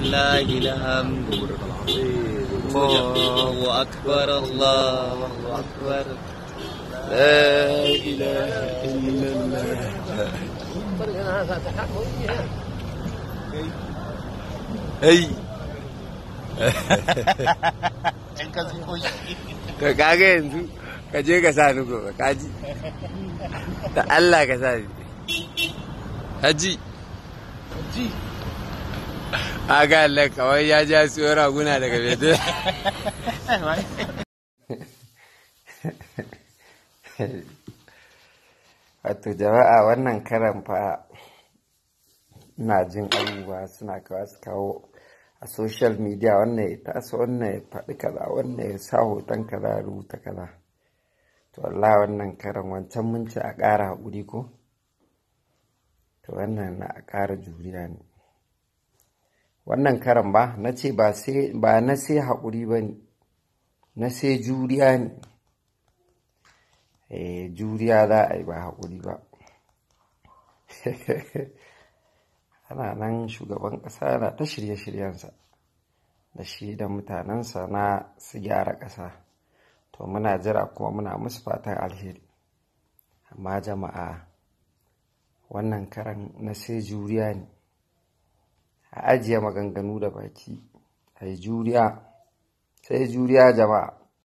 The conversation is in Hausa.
لله الحمد الله أكبر الله أكبر لا إله إلا الله أي كاجين كاجي كسانو كو كاجي تا الله كسانو حجي حجي a Allah kawai ya ja siyo raguna daga bete wato jama'a wannan karan fa ina jin abubuwa suna kawo su kawo a social media wannan ya tasa wannan ya faɗi kaza wannan ya sa hoton kaza ya rubuta kaza to Allah wannan karan wancan mun ci a ƙara haƙuri ko to wannan na a ƙara juriya ne wannan karan ba na ce ba na sai haƙuri ba ne na sai juriya ne eh juriya za a yi ba haƙuri ba ana nan shugaban ƙasa na ta shirye-shiryensa da shi da mutanensa na su gyara ƙasa to muna jira kuma muna musu fatan alheri amma jama'a wannan karan na sai juriya ne a ajiye maganganu da baki a yi juriya sai juriya jama'a